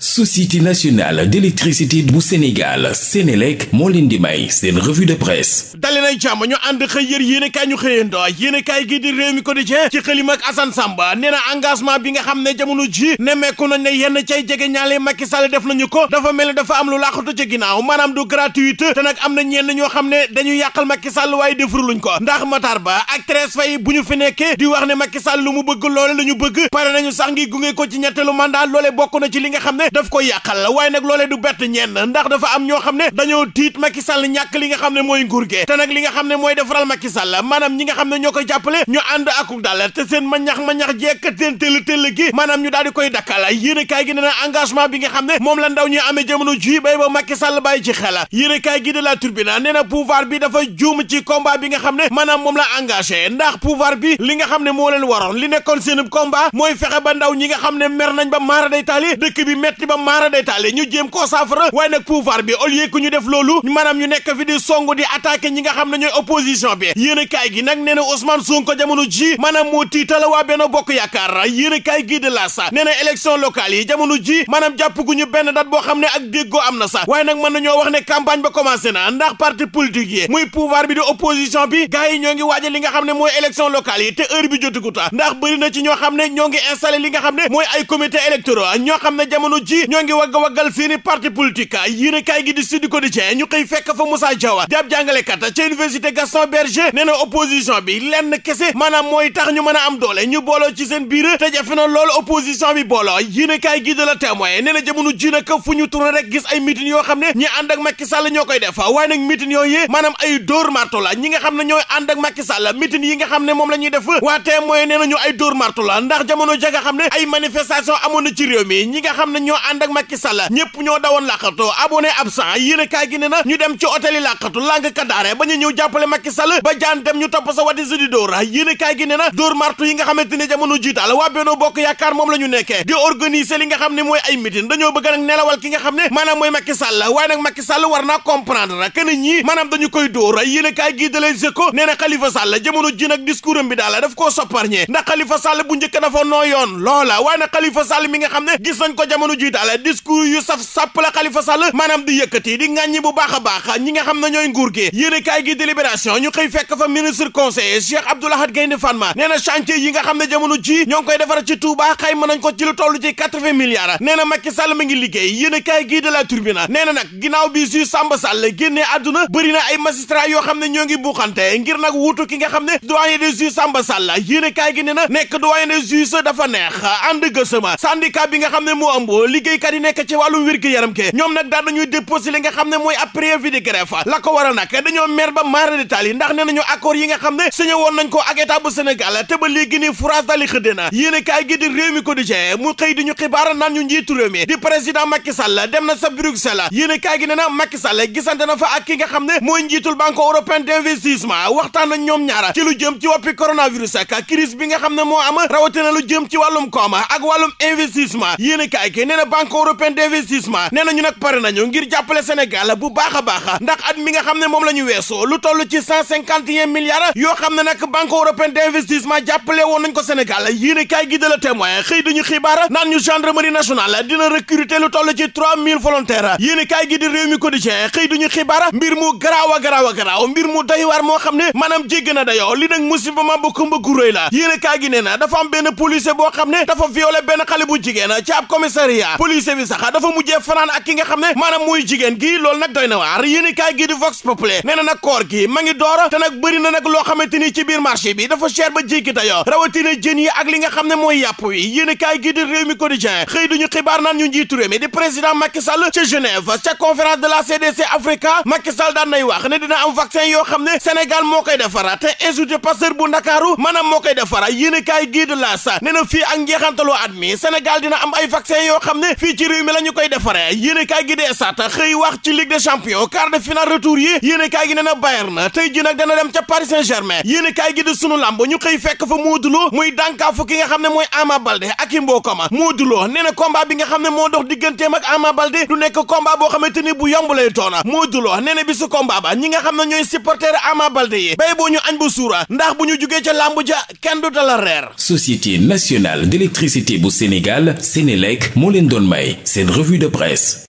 société nationale d'électricité bu Sénégal Sénélec moo leen di may seen revue de presse dali na ñu ànd xëy yër yéen ñu xëyando yéen i gi di réew mi quotidien ci xëlim ak Assane Samba engagement bi nga xam ne jamono ji nemmeeku nañ ne yenn cay jege ñaale Macky Sall def nañu ko dafa mel ne dafa am lu laaxatu ci ginnaaw maanaam du gratuite te nag am na ñenn ñoo xam ne dañu yàqal Macky Sall waaye defaruluñ ko ndax Matar Ba ak Thérèse Faye wax ne Macky Sall lu mu bëgg la ñu bëgg pare nañu sax ngi daf ko yàqal la waaye nag loolee du bett ñenn ndax dafa am ñoo xam ne dañoo tiit Macky Sall ñàkk li nga xam ne mooy nguur ge te nag li nga xam ne mooy defaral Macky Sall maanaam ñi nga xam ne ñoo koy jàppale ñu ànd akuk dal te seen mañax mañax jekk seen tëll tëll maanaam ñu daal di koy dakkal yéen kaay gi ne na engagement bi nga xam moom la ndaw ñuy amee jamono ji bay ba Macky Sall bàyyi ci xel yéen kaay gi de la Tribune nee na bi dafa juum ci combat bi nga xam ne maanaam moom la engagé ndax pouvoir bi li nga xam ne moo leen waroon li nekkoon seen combat mooy fexe ba ndaw ñi nga xam ne mer nañ ba maara day taali dëkk bi mett metti ba maara day taale ñu jéem koo saafara waaye nag pouvoir bi au ñu def loolu maanaam ñu nekk fi di song di attaqué ñi nga xam ne ñooy opposition bi yéen a gi nag nee na Ousmane Sonko jamono ji maanaam moo tiitala waa benn bokk yaakaar yéen a kaay gi de la sa nee yi jamono ji maanaam jàpp gu ñu benn date boo xam ne ak déggoo am na sax waaye nag wax ne campagne ba commencé na ndax parti politique yi muy pouvoir bi di opposition bi gars ñoo ngi waaja li nga xam ne mooy élection locale ñoo xam ne li nga xam ne mooy ay ñoo xam ne jamono ci ñoo ngi wagg waggal seeni parti politique yéene kaay gi di Sud Quotidien ñu xëy fekk fa Moussa Diaw di ab jàngalekat ca université Gaston Berger nee na bi lenn kese maanaam mooy tax ñu mën a am doole ñu booloo ci seen biir te jafe na loolu opposition bi booloo yéene kaay gi de la témoin nee na jamono ji nag fu ñu tourné rek gis ay meeting yoo xam ne ñi ànd ak Macky Sall ñoo koy def waaye nag maanaam ay dóor marto la ñi nga xam ne ñooy ànd ak Macky Sall meeting yi nga xam ne moom la ñuy def waa témoin nee na ñu ay dóor marto la ndax jamono ja xam ne ay manifestation amoon na ci réew mi ñi nga xam ne ñoo ànd ak Macky Sall ñoo dawoon làqatu abonné absent yéen a kaay gi ne ñu dem ci hôtel yi làqatu làng ka daare ba ñu ñëw jàppale Macky ba jaan dem ñu topp sa wadi sidi dóor yéen a gi ne na martu yi nga xamante ne jamono jiital waa Benno Bokk Yaakaar moom la ñu di organiser nga xam ne mooy ay meeting dañoo bëgg nag nelawal ki nga xam ne maanaam mooy Macky Sall waaye nag Macky Sall war naa comprendre que ñii maanaam dañu koy dóor jiital discours yu saf sàpp la Khalifa Sall maanaam di yëkkati di bu baax a baax ñi nga xam ne ñooy nguur gi yéen a kaay gi délibération ñu xëy fekk fa ministre conseiller Cheikh Abdou Lahad Gaïndé Fatma nee na yi nga xam ne jamono ji ñoo koy defar ci Touba xayma nañ ko ci lu toll ci quatre-vingts milliards nee na Macky ngi liggéey yéen a kaay gi de la Tribune nee nag ginnaaw bi si Samba Sall génnee àdduna bëri na ay magistrat xam ne ñoo ngi buuxante a kaay gi nee liggéeykat yi nekk ci wàllum wér-gi-yaram ke ñoom nag daan nañuy déposé li nga xam ne mooy ab préavis de grève la ko waral nag dañoo mer ba maara détaal yi ndax ne nañu accord yi nga xam ne signé woon nañ ko ak état bu Sénégal te ba léegi nii France dali xëdde na yéen a kaay gi di réew ko di jee mu xëy di ñu xibaar naan ñu njiitu réew mi di président Macky Sall dem na sa Bruxelles yéen a kaay gi ne na Macky Sall gisante na fa a ki nga xam ne mooy njiitul Banque européenne d'investissement waxtaan nañ ñoom ñaara ci lu jëm ci woppi coronavirus nga xam ne moo am rawatina lu jëm ci wàllum kooma ak wàllum investissement yéen a kaay gi ne na banque européenne d'investissement nee na ñu nag pare nañu ngir jàppale Sénégal bu baaxa a ndax at mi nga xam ne moom la ñu weesoo lu toll ci cent cinquante et un milliards yoo xam ne nag banque européenne d'investissement jàppale woon nañ ko Sénégal yéen a kaay gi de la témoin xëy dañu xibaar naan ñu gendarmerie nationale dina recruter lu toll ci trois mille volontaires yéen a kaay gi di réew mi quotidien xëy dañu xibaar mbir mu garaaw a garaaw a garaaw mbir mu doy waar moo xam ne maanaam jégg na dayoo li nag musiba ma a kaay na dafa am benn policier boo xam ne dafa violé benn xale bu jigéen ci ab commissariat média police bi sax dafa mujjee fanaan ak ki nga xam ne maanaam muy jigéen gi loolu nag doy na waar yéen i kaay vox populi nee na nag koor gi ma ngi doora te na nag loo xamante ni ci biir marché bi dafa cher ba jéggi dayo rawatina jën yi li nga xam ne mooy yàpp wi yéen i kaay gi di réew mi quotidien xëy duñu xibaar naan ñu njiitu réew mi di président Macky Sall ca ca conférence de la CDC Africa Macky Sall daan nay wax ne dina am vaccin yoo xam ne Sénégal moo koy defara te institut Pasteur bu Ndakaaru maanaam moo koy defara yéen i kaay gi di laas nee na dina am ay vaccin yoo xam xam ne fii ci réew ñu koy defaree yéen kaay gi dee sat xëy wax ci Ligue des champions quart de finale retour yi yéen kaay gi nee na Bayern na tey ji nag dem ca Paris Saint-Germain yéen kaay gi di sunu lamb ñu xëy fekk fa Modou Lo muy dànkaafu ki nga xam ne mooy Ama Baldé ak i mbokkam Modou Lo nee na combat bi nga xam ne moo dox digganteem ak Ama Baldé du nekk combat boo xamante ni bu yomb lay doon Modou Lo ne na bi su combat ba ñi nga xam ne ñooy supporter Ama Baldé yi bay boo ñu ndax bu ñu jugee ca lamb ja kenn du dala reer Société nationale d'électricité bu Sénégal Sénélec moo leen leen doon may seen revue de presse